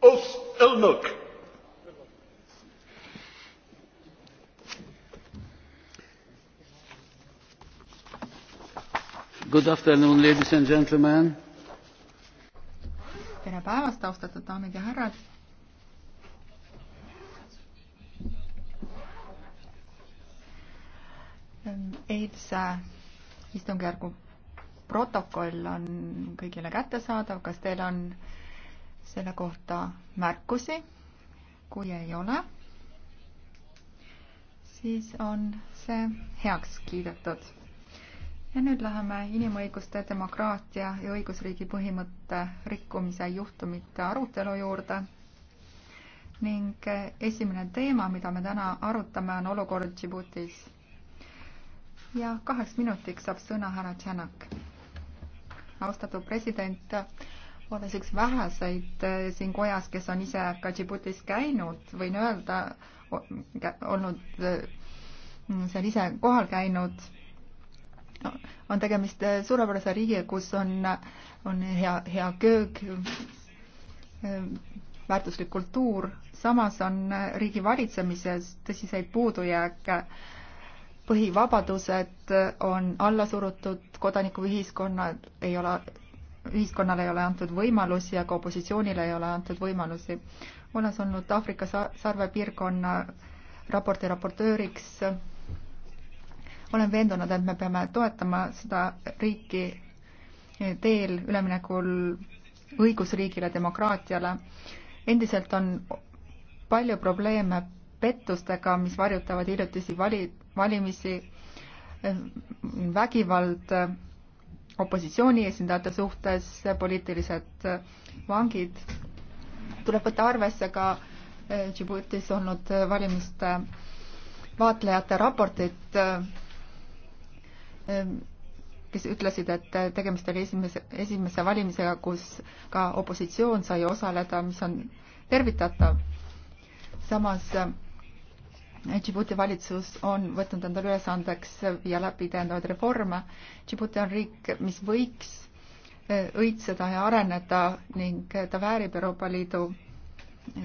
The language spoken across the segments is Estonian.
az elnök! Good afternoon, ladies and gentlemen. tere päevast, austatud daamid ja härrad. eilse istungjärgu protokoll on kõigile kättesaadav, kas teil on selle kohta märkusi? kui ei ole, siis on see heaks kiidetud. ja nüüd läheme inimõiguste, demokraatia ja õigusriigi põhimõtte rikkumise juhtumite arutelu juurde. ning esimene teema, mida me täna arutame, on olukord Džibutis. ja kaheks minutiks saab sõna härra Tšanak. austatud president olles üks väheseid äh, siin kojas, kes on ise ka Djiboutis käinud, võin öelda, olnud äh, seal ise kohal käinud, on tegemist äh, suurepärase riigiga, kus on, on hea, hea köök, väärtuslik kultuur, samas on riigi valitsemises tõsiseid puudujääke põhivabadused on alla surutud, kodanikuühiskonnad ei ole ühiskonnale ei ole antud võimalusi ja ka opositsioonile ei ole antud võimalusi. olles olnud Aafrika sarvepiirkonna raporti raportööriks, olen veendunud, et me peame toetama seda riiki teel üleminekul õigusriigile, demokraatiale. endiselt on palju probleeme pettustega, mis varjutavad hiljutisi vali, valimisi, vägivald opositsiooni esindajate suhtes, poliitilised vangid, tuleb võtta arvesse ka eh, Djiboutis olnud eh, valimiste vaatlejate raportit, eh, kes ütlesid, et tegemist oli esimese, esimese valimisega, kus ka opositsioon sai osaleda, mis on tervitatav. samas Djibouti valitsus on võtnud endale ülesandeks viia läbi täiendavaid reforme. Djibouti on riik, mis võiks eh, õitseda ja areneda ning eh, ta väärib Euroopa Liidu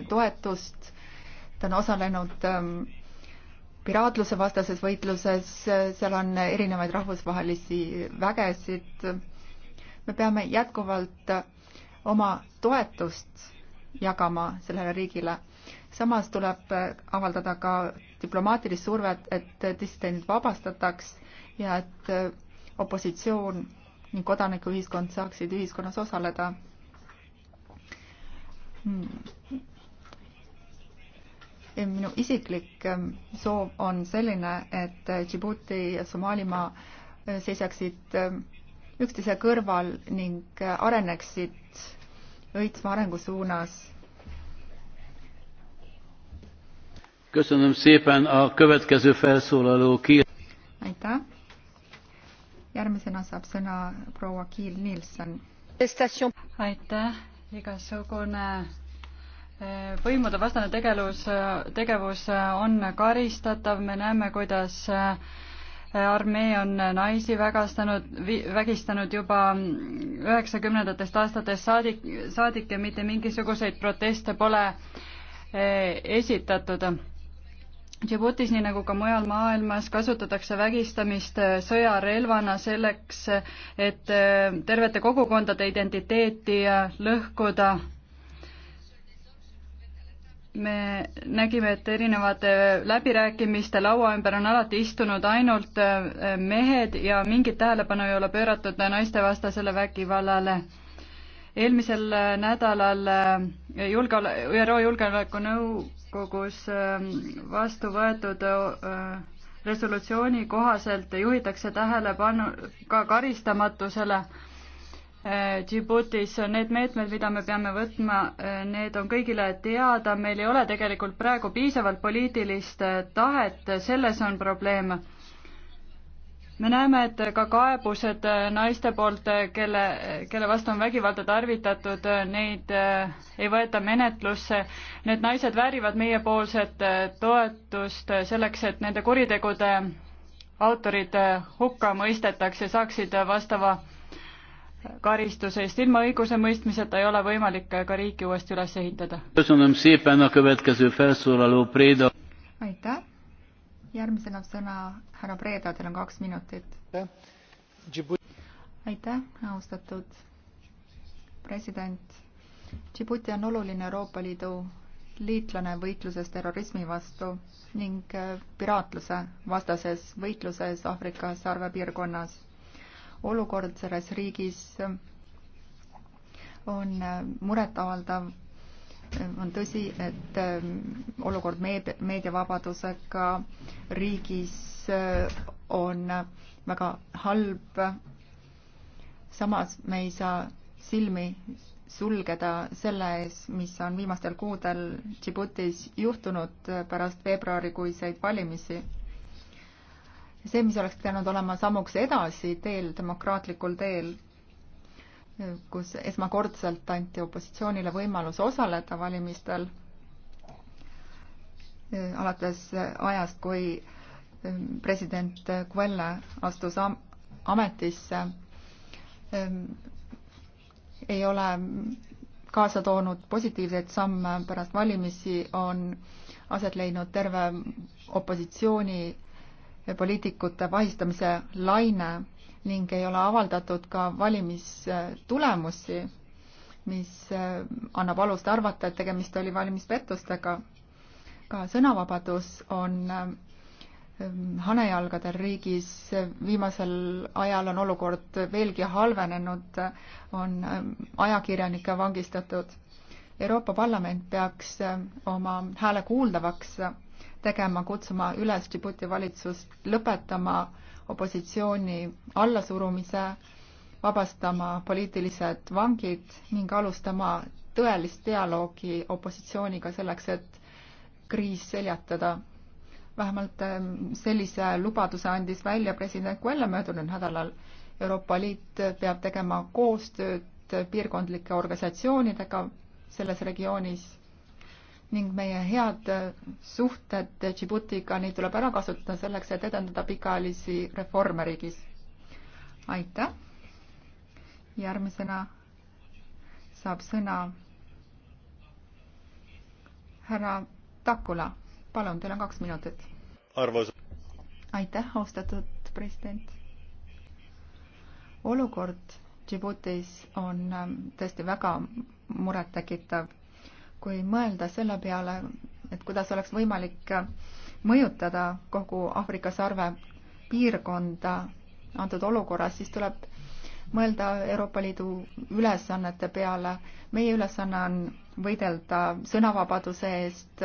toetust. ta on osalenud ehm, piraatluse vastases võitluses, eh, seal on erinevaid rahvusvahelisi vägesid. me peame jätkuvalt oma toetust jagama sellele riigile samas tuleb äh, avaldada ka diplomaatilist survet, et äh, dissidendid vabastataks ja et äh, opositsioon ning kodanikuühiskond saaksid ühiskonnas osaleda. Hmm. minu isiklik ähm, soov on selline, et Djibouti ja Somaalimaa seisaksid ähm, üksteise kõrval ning areneksid õitsva arengu suunas aitäh. järgmisena saab sõna proua Kiil Nielsen. aitäh, igasugune eh, võimude vastane tegelus, eh, tegevus eh, on karistatav, me näeme, kuidas armee on naisi vägastanud, vägistanud juba mm, üheksakümnendatest aastatest saadik, saadik ja mitte mingisuguseid proteste pole esitatud Djiboutis, nii nagu ka mujal maailmas, kasutatakse vägistamist äh, sõjarelvana selleks, et äh, tervete kogukondade identiteeti äh, lõhkuda. me nägime, et erinevate läbirääkimiste laua ümber on alati istunud ainult mehed ja mingit tähelepanu ei ole pööratud naistevastasele vägivallale eelmisel nädalal julgeole-, ÜRO Julgeolekunõu täiskogus ähm, vastu võetud äh, resolutsiooni kohaselt juhitakse tähelepanu ka karistamatusele äh, Djiboutis. Need meetmed, mida me peame võtma, äh, need on kõigile teada, meil ei ole tegelikult praegu piisavalt poliitilist tahet, selles on probleem me näeme, et ka kaebused naiste poolt, kelle, kelle vastu on vägivalda tarvitatud, neid eh, ei võeta menetlusse. Need naised väärivad meiepoolset eh, toetust selleks, et nende kuritegude autorid eh, hukka mõistetaks ja saaksid vastava karistuse eest. ilma õigusemõistmiseta ei ole võimalik ka riiki uuesti üles ehitada. aitäh järgmisena sõna härra Preeda, teil on kaks minutit. aitäh, austatud president. Djibouti on oluline Euroopa Liidu liitlane võitluses terrorismi vastu ning äh, piraatluse vastases võitluses Aafrika sarvepiirkonnas. olukord selles riigis äh, on äh, muretavaldav on tõsi, et ähm, olukord meed-, meediavabadusega riigis äh, on väga halb. samas me ei saa silmi sulgeda selle ees, mis on viimastel kuudel Djiboutis juhtunud äh, pärast veebruarikuiseid valimisi. see, mis oleks pidanud olema sammuks edasi teel, demokraatlikul teel kus esmakordselt anti opositsioonile võimalus osaleda valimistel äh, alates ajast, kui äh, president Quelle astus ametisse, ähm, ei ole kaasa toonud positiivseid samme, pärast valimisi on aset leidnud terve opositsiooni poliitikute vahistamise laine ning ei ole avaldatud ka valimistulemusi, mis äh, annab alust arvata, et tegemist oli valimispettustega. ka sõnavabadus on ähm, hanejalgadel riigis, viimasel ajal on olukord veelgi halvenenud, on ähm, ajakirjanikke vangistatud. Euroopa Parlament peaks ähm, oma hääle kuuldavaks äh, tegema, kutsuma üles Djibouti valitsust lõpetama äh, opositsiooni allasurumise, vabastama poliitilised vangid ning alustama tõelist dialoogi opositsiooniga selleks, et kriis seljatada. vähemalt ähm, sellise lubaduse andis välja president Guelle möödunud nädalal. Euroopa Liit peab tegema koostööd piirkondlike organisatsioonidega selles regioonis ning meie head äh, suhted Djiboutiga, neid tuleb ära kasutada selleks, et edendada pikaajalisi reforme riigis. aitäh. järgmisena saab sõna härra Takula. palun, teil on kaks minutit. aitäh, austatud president. olukord Djiboutis on ähm, tõesti väga murettekitav kui mõelda selle peale, et kuidas oleks võimalik mõjutada kogu Aafrika sarve piirkonda antud olukorras, siis tuleb mõelda Euroopa Liidu ülesannete peale. meie ülesanne on võidelda sõnavabaduse eest,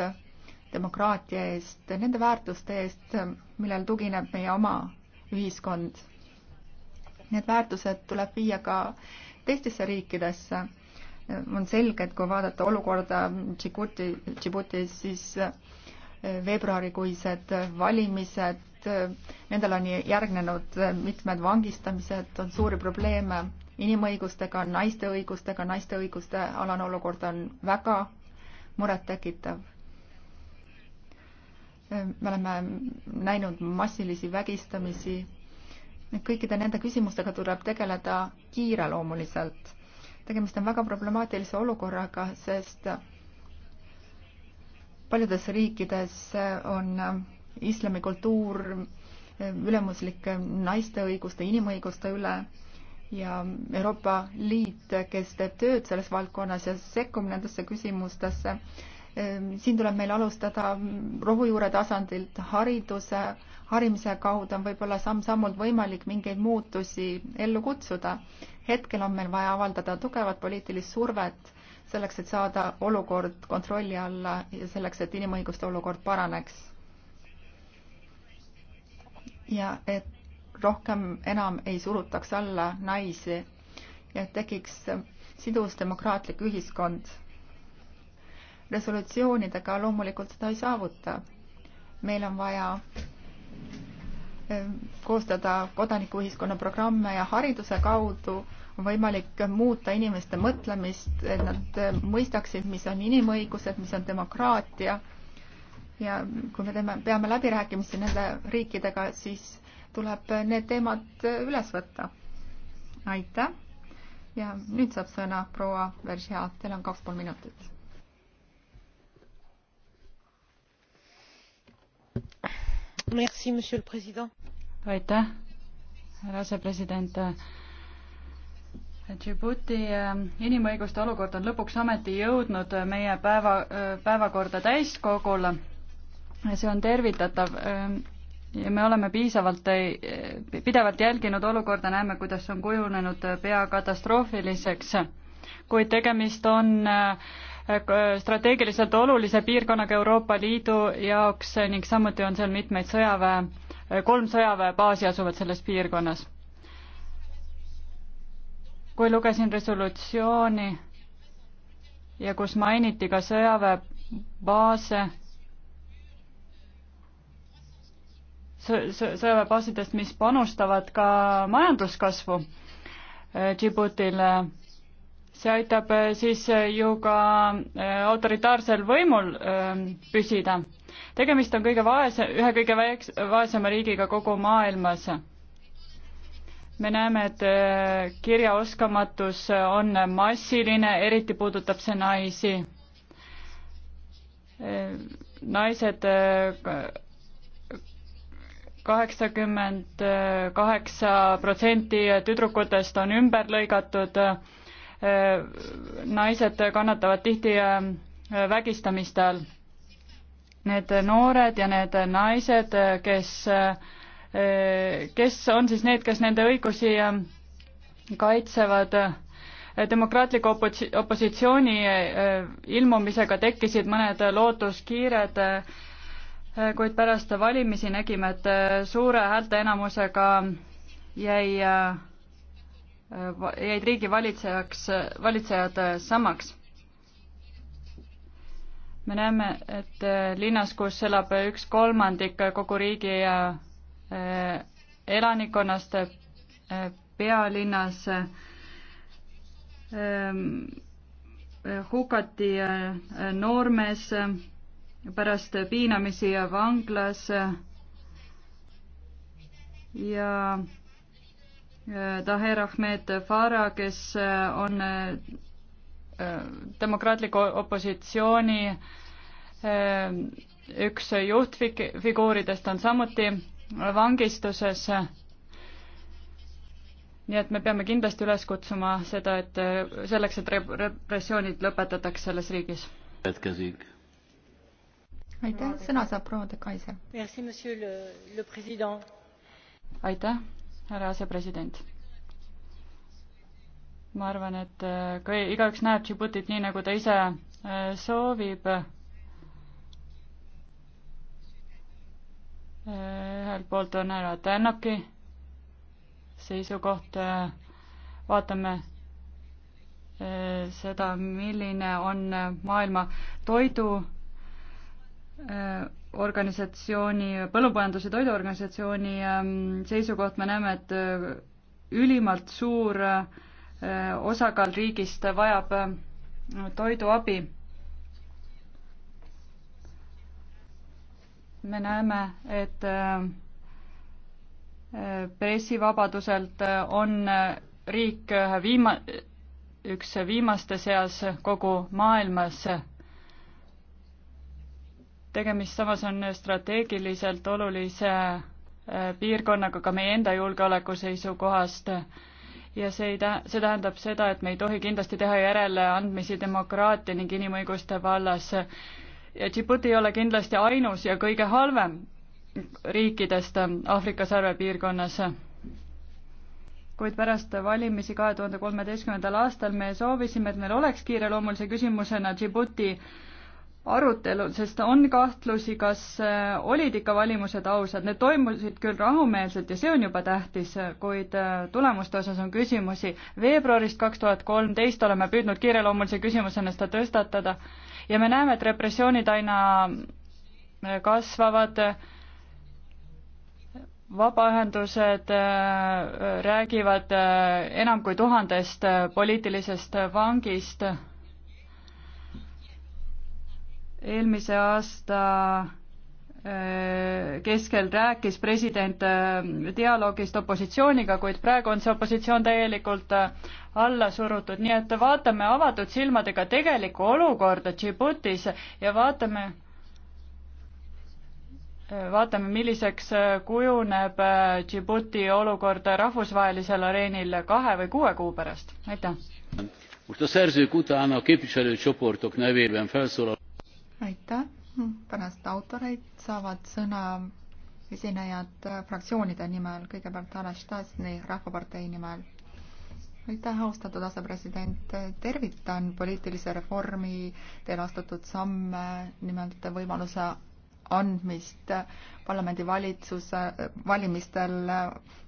demokraatia eest, nende väärtuste eest, millel tugineb meie oma ühiskond. Need väärtused tuleb viia ka teistesse riikidesse on selge, et kui vaadata olukorda Djibouti, Djiboutis, siis eh, veebruarikuised valimised, eh, nendel on järgnenud eh, mitmed vangistamised, on suuri probleeme inimõigustega, naiste õigustega, naiste õiguste alane olukord on väga murettekitav. me oleme näinud massilisi vägistamisi. kõikide nende küsimustega tuleb tegeleda kiireloomuliselt tegemist on väga problemaatilise olukorraga, sest paljudes riikides on islamikultuur ülemuslik naiste õiguste, inimõiguste üle ja Euroopa Liit, kes teeb tööd selles valdkonnas ja sekkub nendesse küsimustesse, siin tuleb meil alustada rohujuure tasandilt hariduse, harimise kaudu on võib-olla samm-sammult võimalik mingeid muutusi ellu kutsuda hetkel on meil vaja avaldada tugevat poliitilist survet selleks, et saada olukord kontrolli alla ja selleks, et inimõiguste olukord paraneks. ja et rohkem enam ei surutaks alla naisi ja et tekiks sidus demokraatlik ühiskond. resolutsioonidega loomulikult seda ei saavuta. meil on vaja koostada kodanikuühiskonna programme ja hariduse kaudu on võimalik muuta inimeste mõtlemist, et nad mõistaksid, mis on inimõigused, mis on demokraatia. ja kui me teeme, peame läbirääkimisi nende riikidega, siis tuleb need teemad üles võtta. aitäh ja nüüd saab sõna proua Veržia, teil on kaks pool minutit. Merci, monsieur le président aitäh, härra asepresident. Djibouti äh, inimõiguste olukord on lõpuks ometi jõudnud meie päeva, äh, päevakorda täiskogul. see on tervitatav äh, ja me oleme piisavalt, pidevalt jälginud olukorda, näeme, kuidas on kujunenud pea katastroofiliseks, kuid tegemist on strateegiliselt olulise piirkonnaga Euroopa Liidu jaoks ning samuti on seal mitmeid sõjaväe kolm sõjaväebaasi asuvad selles piirkonnas. kui lugesin resolutsiooni ja kus mainiti ka sõjaväebaase, sõjaväebaasidest, mis panustavad ka majanduskasvu äh, Djiboutile, see aitab äh, siis äh, ju ka autoritaarsel võimul püsida tegemist on kõige vaese, ühe kõige väiks-, vaesema riigiga kogu maailmas. me näeme, et äh, kirjaoskamatus on massiline, eriti puudutab see naisi. Äh, naised äh, kaheksakümmend kaheksa protsenti tüdrukutest on ümber lõigatud, naised kannatavad tihti vägistamiste all need noored ja need naised, kes, kes on siis need, kes nende õigusi ähm, kaitsevad demokraatliku opos-, opositsiooni äh, ilmumisega tekkisid mõned lootuskiired, äh, kuid pärast valimisi nägime, et äh, suure häälteenamusega jäi, jäid riigi valitsejaks, valitsejad samaks me näeme, et äh, linnas, kus elab üks kolmandik äh, kogu riigi äh, elanikkonnast, pealinnas hukati noormees pärast piinamisi vanglas ja Taher Ahmed Farah, kes on demokraatliku opositsiooni Ehm, üks juhtfiguuridest on samuti vangistuses. nii et me peame kindlasti üles kutsuma seda, et eh, selleks, et repressioonid lõpetataks selles riigis. aitäh, sõna saab proua de Kaiser. aitäh, härra asepresident. ma arvan, et eh, kui igaüks näeb Djiboutit nii, nagu ta ise eh, soovib, ühelt poolt on härra Tänaki seisukoht, äh, vaatame äh, seda, milline on maailma toidu äh, organisatsiooni, Põllumajandus- ja Toiduorganisatsiooni ähm, seisukoht, me näeme, et ülimalt suur osakaal riigist vajab toiduabi me näeme, et äh, äh, pressivabaduselt äh, on riik ühe viima-, üks viimaste seas kogu maailmas. tegemist samas on strateegiliselt olulise piirkonnaga ka meie enda julgeoleku seisukohast ja see ei tä-, see tähendab seda, et me ei tohi kindlasti teha järeleandmisi demokraatia ning inimõiguste vallas ja Djibouti ei ole kindlasti ainus ja kõige halvem riikidest ähm, Aafrika sarvepiirkonnas. kuid pärast valimisi kahe tuhande kolmeteistkümnendal aastal me soovisime, et meil oleks kiireloomulise küsimusena Djibouti arutelul, sest on kahtlusi, kas äh, olid ikka valimused ausad, need toimusid küll rahumeelselt ja see on juba tähtis, kuid äh, tulemuste osas on küsimusi. veebruarist kaks tuhat kolmteist oleme püüdnud kiireloomulise küsimusena seda tõstatada ja me näeme, et repressioonid aina äh, kasvavad, vabaühendused äh, räägivad äh, enam kui tuhandest poliitilisest vangist. eelmise aasta Äh, keskel rääkis president äh, dialoogist opositsiooniga, kuid praegu on see opositsioon täielikult äh, alla surutud, nii et vaatame avatud silmadega tegelikku olukorda Džibutis ja vaatame, vaatame, milliseks kujuneb Džibuti olukord rahvusvahelisel areenil kahe või kuue kuu pärast, aitäh. aitäh pärast autoreid saavad sõna esinejad fraktsioonide nimel, kõigepealt Anastasni Rahvapartei nimel. aitäh, austatud asepresident, tervitan poliitilise reformi teel astutud samme, nimelt võimaluse andmist parlamendi valitsuse valimistel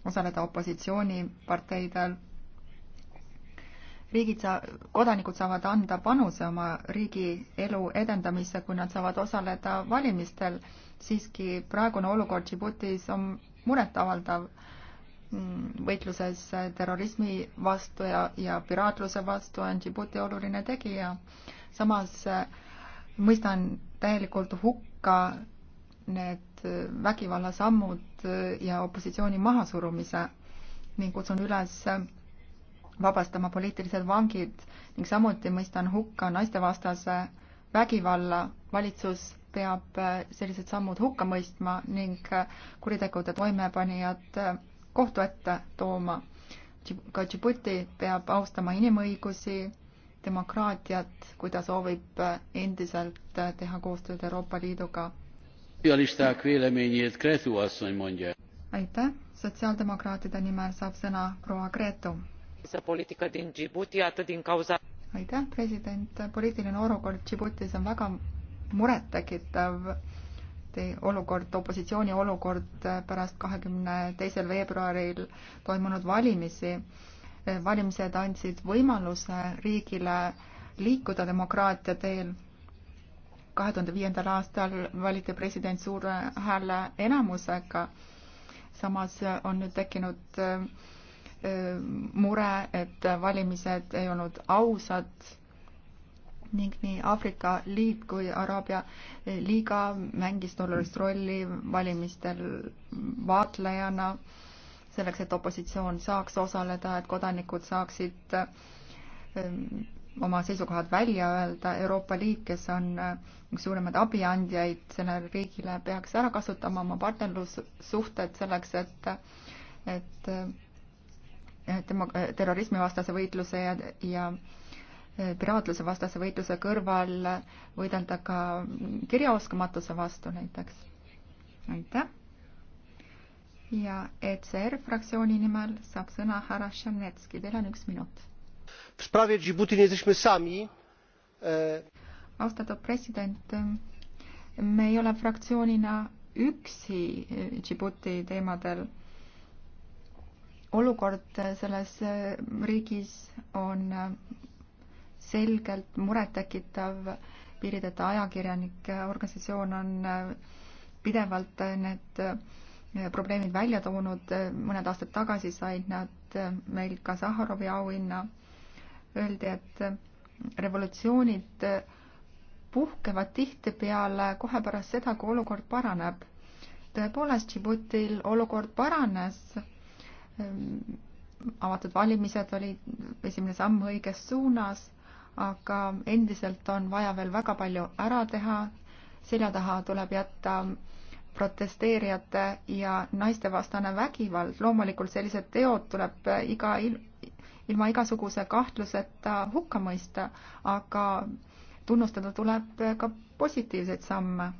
osaleda opositsiooniparteidel riigid saa-, kodanikud saavad anda panuse oma riigi elu edendamisse, kui nad saavad osaleda valimistel. siiski praegune olukord Djiboutis on muretavaldav mm, võitluses terrorismi vastu ja, ja piraatluse vastu on Djibouti oluline tegija. samas äh, mõistan täielikult hukka need äh, vägivallasammud äh, ja opositsiooni mahasurumise ning kutsun üles vabastama poliitilised vangid ning samuti mõistan hukka naistevastase vägivalla. valitsus peab äh, sellised sammud hukka mõistma ning äh, kuritegude toimepanijad äh, kohtu ette tooma. ka Djibouti peab austama inimõigusi, demokraatiat, kui ta soovib endiselt teha koostööd Euroopa Liiduga. aitäh, sotsiaaldemokraatide nimel saab sõna proua Gretu poliitika din Djibouti atât din cauza aitäh, president, poliitiline olukord Djiboutis on väga murettekitav. olukord, opositsiooni olukord pärast kahekümne teisel veebruaril toimunud valimisi. valimised andsid võimaluse riigile liikuda demokraatia teel. kahe tuhande viiendal aastal valiti president suure hääle enamusega. samas on nüüd tekkinud äh, mure, et valimised ei olnud ausad ning nii Aafrika Liit kui Araabia Liiga mängis olulist rolli valimistel vaatlejana selleks, et opositsioon saaks osaleda, et kodanikud saaksid ähm, oma seisukohad välja öelda. Euroopa Liit, kes on äh, üks suuremaid abiandjaid sellele riigile, peaks ära kasutama oma partnerlussuhted selleks, et, et äh, tema eh, eh, terrorismivastase võitluse ja, ja eh, piraatluse vastase võitluse kõrval võidelda ka kirjaoskamatuse vastu näiteks. aitäh. ja ECR fraktsiooni nimel saab sõna härra Šernetski, teil on üks minut. E- austatud president, me ei ole fraktsioonina üksi Djibouti teemadel olukord selles riigis on selgelt murettekitav, piirideta ajakirjanike organisatsioon on pidevalt need probleemid välja toonud, mõned aastad tagasi said nad meil ka Sahharovi auhinna. Öeldi, et revolutsioonid puhkevad tihtipeale kohe pärast seda, kui olukord paraneb. tõepoolest, Djiboutil olukord paranes Ehm, avatud valimised olid esimene samm õiges suunas, aga endiselt on vaja veel väga palju ära teha. selja taha tuleb jätta protesteerijate ja naistevastane vägivald. loomulikult sellised teod tuleb iga ilma igasuguse kahtluseta hukka mõista, aga tunnustada tuleb ka positiivseid samme.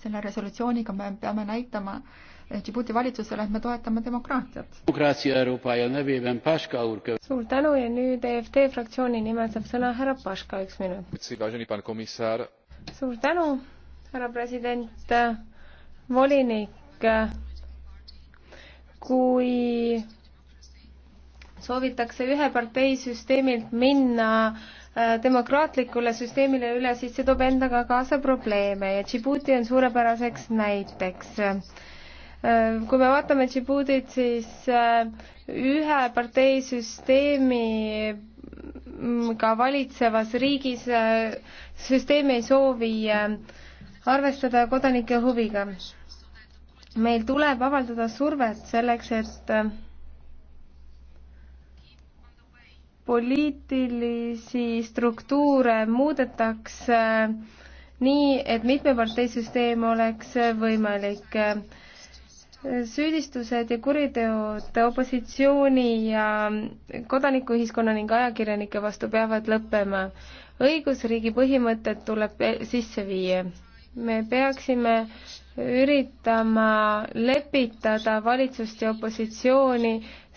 selle resolutsiooniga me peame näitama, Eh, Djibouti valitsusele, et me toetame demokraatiat. suur tänu ja nüüd EFD fraktsiooni nimel saab sõna härra Paška, üks minut. suur tänu, härra president, volinik, kui soovitakse ühe partei süsteemilt minna eh, demokraatlikule süsteemile üle, siis see toob endaga kaasa probleeme ja Djibouti on suurepäraseks näiteks Äh, kui me vaatame Džibutit, siis äh, ühe parteisüsteemi mm, ka valitsevas riigis äh, süsteem ei soovi arvestada kodanike huviga. meil tuleb avaldada survet selleks, et poliitilisi struktuure muudetakse nii, et mitmeparteisüsteem oleks võimalik süüdistused ja kuriteod opositsiooni ja kodanikuühiskonna ning ajakirjanike vastu peavad lõppema. õigusriigi põhimõtted tuleb sisse viia. me peaksime üritama lepitada valitsust ja opositsiooni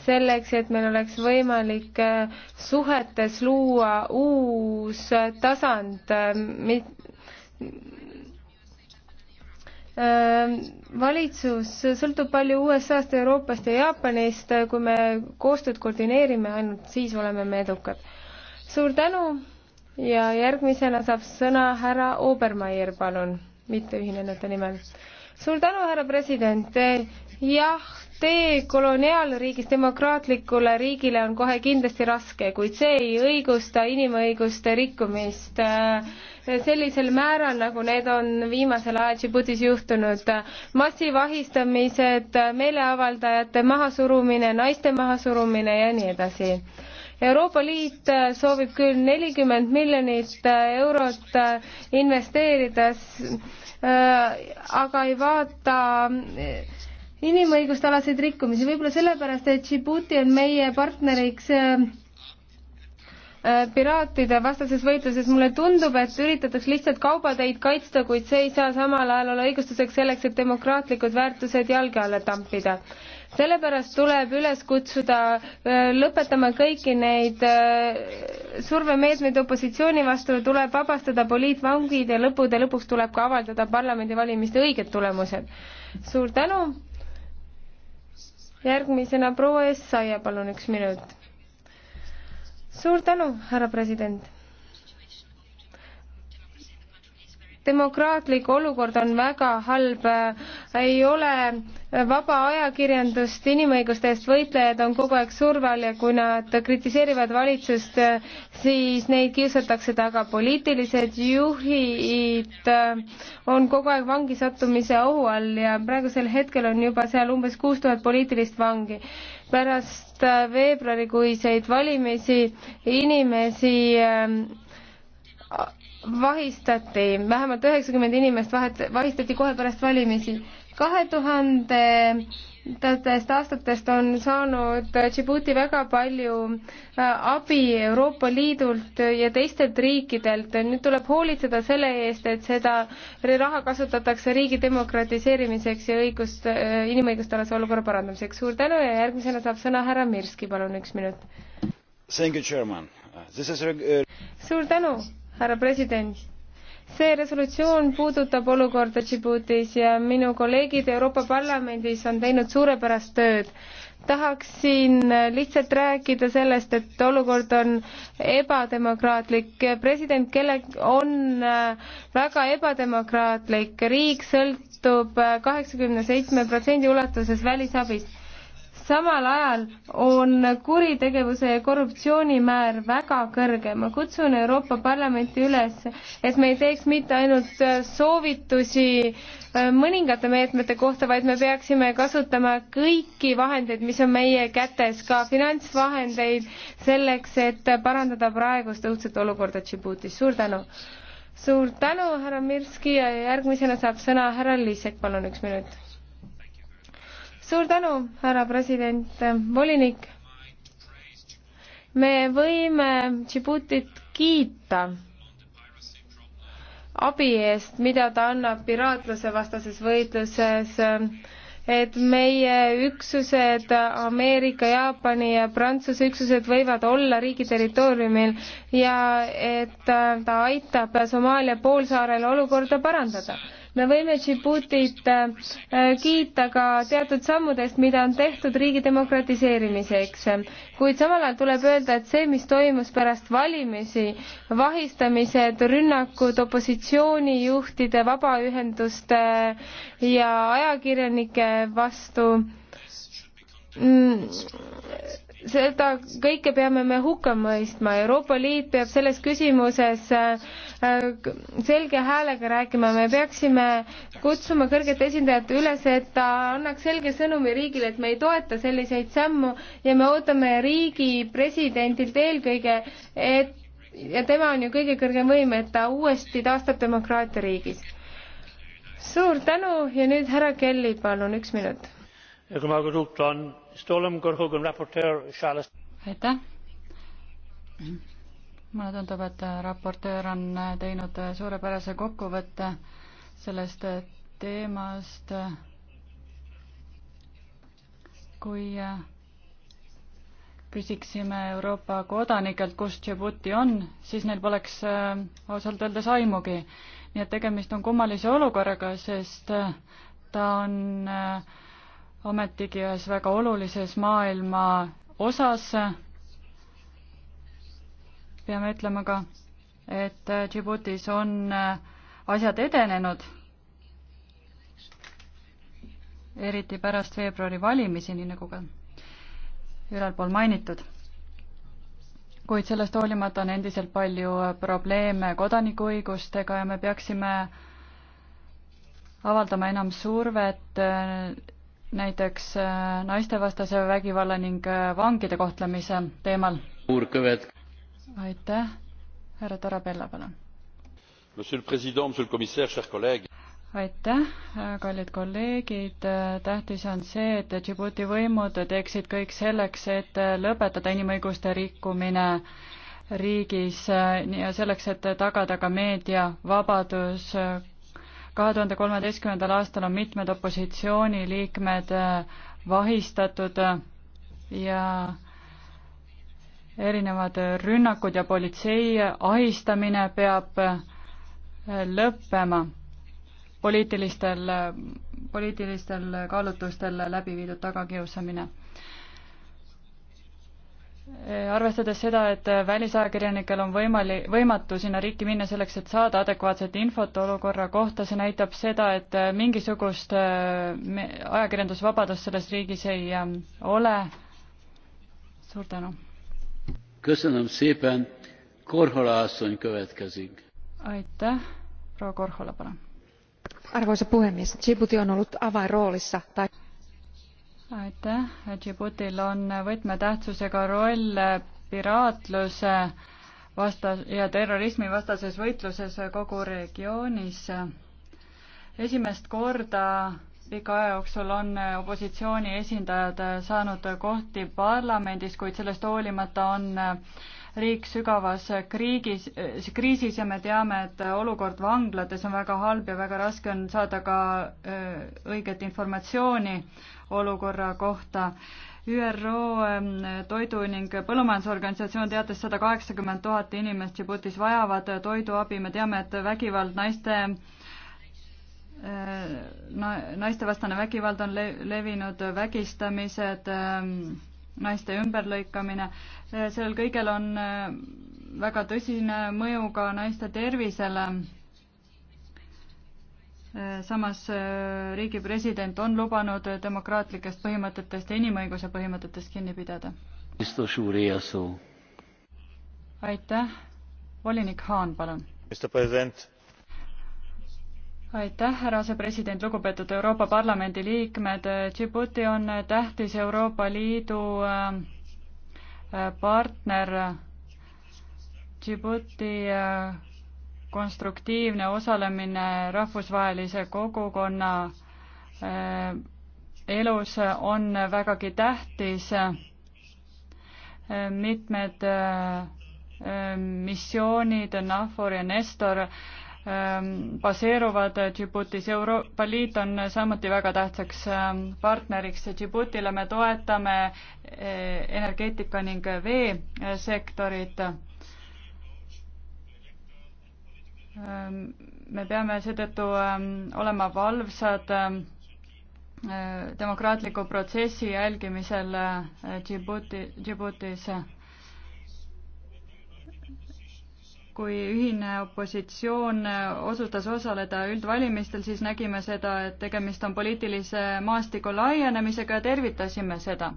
selleks, et meil oleks võimalik äh, suhetes luua uus äh, tasand, äh, Ehm, valitsus sõltub palju USA-st, Euroopast ja Jaapanist, kui me koostööd koordineerime, ainult siis oleme me edukad. suur tänu ja järgmisena saab sõna härra Obermeier, palun, mitteühinenute nimel suur tänu, härra president. jah, tee koloniaalriigist demokraatlikule riigile on kohe kindlasti raske, kuid see ei õigusta inimõiguste rikkumist äh, sellisel määral, nagu need on viimasel ajal Džibutis juhtunud. massivahistamised, meeleavaldajate mahasurumine, naiste mahasurumine ja nii edasi Euroopa Liit soovib küll nelikümmend miljonit eurot investeerida Äh, aga ei vaata äh, inimõiguste alaseid rikkumisi, võib-olla sellepärast, et Djibouti on meie partneriks äh, piraatide vastases võitluses, mulle tundub, et üritatakse lihtsalt kaubateid kaitsta, kuid see ei saa samal ajal olla õigustuseks selleks, et demokraatlikud väärtused jalge alla tampida sellepärast tuleb üles kutsuda äh, lõpetama kõiki neid äh, survemeetmeid opositsiooni vastu, tuleb vabastada poliitvangid ja lõppude lõpuks tuleb ka avaldada parlamendivalimiste õiged tulemused. suur tänu. järgmisena proua Essaia, palun üks minut. suur tänu, härra president demokraatlik olukord on väga halb, ei ole vaba ajakirjandust, inimõiguste eest võitlejad on kogu aeg surve all ja kui nad kritiseerivad valitsust, siis neid kiusatakse taga. poliitilised juhid on kogu aeg vangi sattumise ohu all ja praegusel hetkel on juba seal umbes kuus tuhat poliitilist vangi. pärast veebruarikuiseid valimisi inimesi ähm, vahistati, vähemalt üheksakümmend inimest vahet, vahistati kohe pärast valimisi. kahe tuhandetest aastatest on saanud Djibouti väga palju äh, abi Euroopa Liidult ja teistelt riikidelt. nüüd tuleb hoolitseda selle eest, et seda raha kasutatakse riigi demokratiseerimiseks ja õigust, äh, inimõiguste alase olukorra parandamiseks. suur tänu ja järgmisena saab sõna härra Mirski, palun üks minut. suur tänu härra president see resolutsioon puudutab olukorda Djiboutis ja minu kolleegid Euroopa Parlamendis on teinud suurepärast tööd. tahaksin lihtsalt rääkida sellest, et olukord on ebademokraatlik, president, kelle on äh, väga ebademokraatlik, riik sõltub äh, kaheksakümne seitsme protsendi ulatuses välisabist samal ajal on kuritegevuse ja korruptsiooni määr väga kõrge. ma kutsun Euroopa Parlamenti üles, et me ei teeks mitte ainult äh, soovitusi äh, mõningate meetmete kohta, vaid me peaksime kasutama kõiki vahendeid, mis on meie kätes, ka finantsvahendeid, selleks, et parandada praegust õudset olukorda Djiboutis. suur tänu! suur tänu, härra Mirski ja järgmisena saab sõna härra Liisek, palun üks minut suur tänu, härra president, volinik. me võime Džibutit kiita abi eest, mida ta annab piraatluse vastases võitluses, et meie üksused, Ameerika, Jaapani ja Prantsuse üksused võivad olla riigi territooriumil ja et ta aitab Somaalia poolsaarel olukorda parandada me võime Djiboutit äh, kiita ka teatud sammudest, mida on tehtud riigi demokratiseerimiseks, kuid samal ajal tuleb öelda, et see, mis toimus pärast valimisi, vahistamised, rünnakud opositsioonijuhtide, vabaühenduste ja ajakirjanike vastu mm,, seda kõike peame me hukka mõistma. Euroopa Liit peab selles küsimuses äh, selge häälega rääkima. me peaksime kutsuma kõrget esindajat üles, et ta annaks selge sõnumi riigile, et me ei toeta selliseid sammu ja me ootame riigi presidendilt eelkõige, et ja tema on ju kõige kõrgem võim, et ta uuesti taastab demokraatia riigis. suur tänu ja nüüd härra Kelly, palun, üks minut aitäh! mulle tundub, et raportöör on teinud suurepärase kokkuvõtte sellest teemast. kui küsiksime Euroopa kodanikelt, kus Djibouti on, siis neil poleks äh, ausalt öeldes aimugi. nii et tegemist on kummalise olukorraga, sest äh, ta on äh, ometigi ühes väga olulises maailma osas. peame ütlema ka, et Djiboutis on äh, asjad edenenud, eriti pärast veebruari valimisi, nii nagu ka ülalpool mainitud. kuid sellest hoolimata on endiselt palju äh, probleeme kodanikuõigustega ja me peaksime avaldama enam survet äh, näiteks äh, naistevastase vägivalla ning äh, vangide kohtlemise teemal. aitäh, härra Tarabella, palun. aitäh, äh, kallid kolleegid, tähtis on see, et Djibouti võimud teeksid kõik selleks, et lõpetada inimõiguste rikkumine riigis ja selleks, et tagada ka meediavabadus kahe tuhande kolmeteistkümnendal aastal on mitmed opositsiooniliikmed äh, vahistatud äh, ja erinevad rünnakud ja politsei ahistamine peab äh, lõppema poliitilistel, poliitilistel kaalutlustel läbi viidud tagakiusamine Äh, arvestades seda, et äh, välisajakirjanikel on võimali-, võimatu sinna riiki minna selleks, et saada adekvaatset infot olukorra kohta, see näitab seda, et äh, mingisugust ajakirjandusvabadust selles riigis ei ähm, ole. suur tänu. aitäh, proua Korhola, palun. arvoisa puhemies, Djibouti on olnud avainroolissa tai aitäh, Djiboutil on võtmetähtsusega roll piraatluse vasta- ja terrorismivastases võitluses kogu regioonis. esimest korda pika aja jooksul on opositsiooni esindajad saanud kohti parlamendis, kuid sellest hoolimata on riik sügavas kriigis, kriisis ja me teame, et olukord vanglates on väga halb ja väga raske on saada ka õiget informatsiooni olukorra kohta. ÜRO Toidu ning Põllumajandusorganisatsioon teatas sada kaheksakümmend tuhat inimest Djiboutis vajavad toiduabi, me teame, et vägivald naiste naistevastane vägivald on le levinud, vägistamised ähm, naiste ümberlõikamine, sellel kõigel on äh, väga tõsine mõju ka naiste tervisele. Äh, samas äh, riigi president on lubanud demokraatlikest põhimõtetest ja inimõiguse põhimõtetest kinni pidada. aitäh, volinik Haan, palun aitäh, härra asepresident, lugupeetud Euroopa Parlamendi liikmed, Djibouti on tähtis Euroopa Liidu äh, äh, partner. Djibouti äh, konstruktiivne osalemine rahvusvahelise kogukonna elus on vägagi tähtis. mitmed missioonid, NAFOR ja Nestor Ähm, baseeruvad Djiboutis. Euroopa Liit on samuti väga tähtsaks ähm, partneriks Djiboutile, me toetame äh, energeetika ning veesektorit. Ähm, me peame seetõttu olema valvsad äh, demokraatliku protsessi jälgimisel äh, Djibouti, Djiboutis kui ühine opositsioon osutas osaleda üldvalimistel, siis nägime seda, et tegemist on poliitilise maastiku laienemisega ja tervitasime seda.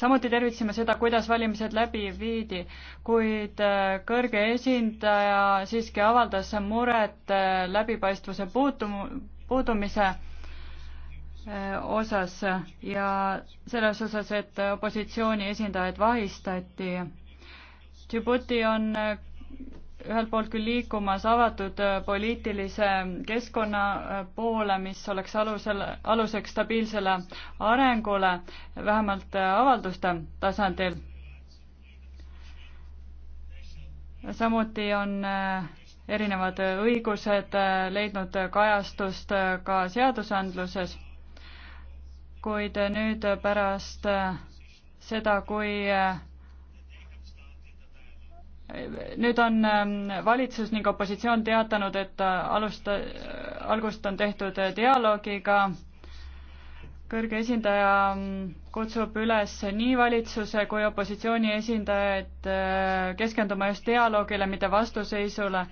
samuti tervitasime seda, kuidas valimised läbi viidi, kuid äh, kõrge esindaja siiski avaldas muret äh, läbipaistvuse puutum-, puudumise äh, osas ja selles osas, et opositsiooni esindajaid vahistati. Djibouti on ühelt poolt küll liikumas avatud äh, poliitilise äh, keskkonna äh, poole, mis oleks alusel, aluseks stabiilsele arengule, vähemalt avalduste tasandil. samuti on erinevad õigused leidnud kajastust ka seadusandluses, kuid nüüd pärast seda, kui nüüd on ähm, valitsus ning opositsioon teatanud, et äh, alusta, algust on tehtud äh, dialoogiga. kõrge esindaja ähm, kutsub üles nii valitsuse kui opositsiooni esindajaid äh, keskenduma just dialoogile, mitte vastuseisule.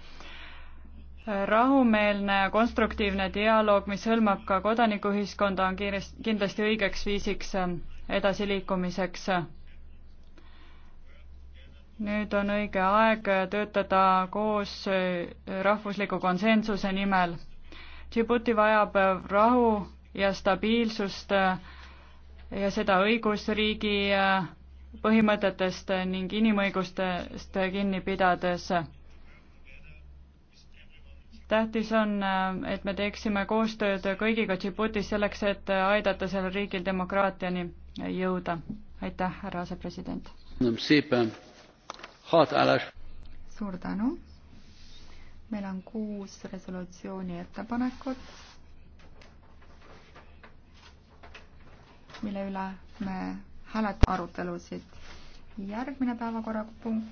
rahumeelne konstruktiivne dialoog, mis hõlmab ka kodanikuühiskonda, on kiiresti, kindlasti õigeks viisiks edasiliikumiseks nüüd on õige aeg töötada koos äh, rahvusliku konsensuse nimel. Djibouti vajab rahu ja stabiilsust äh, ja seda õigusriigi äh, põhimõtetest ning inimõigustest kinni pidades. tähtis on, et me teeksime koostööd kõigiga Djiboutis selleks, et aidata sellel riigil demokraatiani jõuda. aitäh, härra asepresident! hat állás. suur tänu. meil on kuus resolutsiooni ettepanekut, mille üle me hääletame arutelusid. järgmine päevakorrapunkt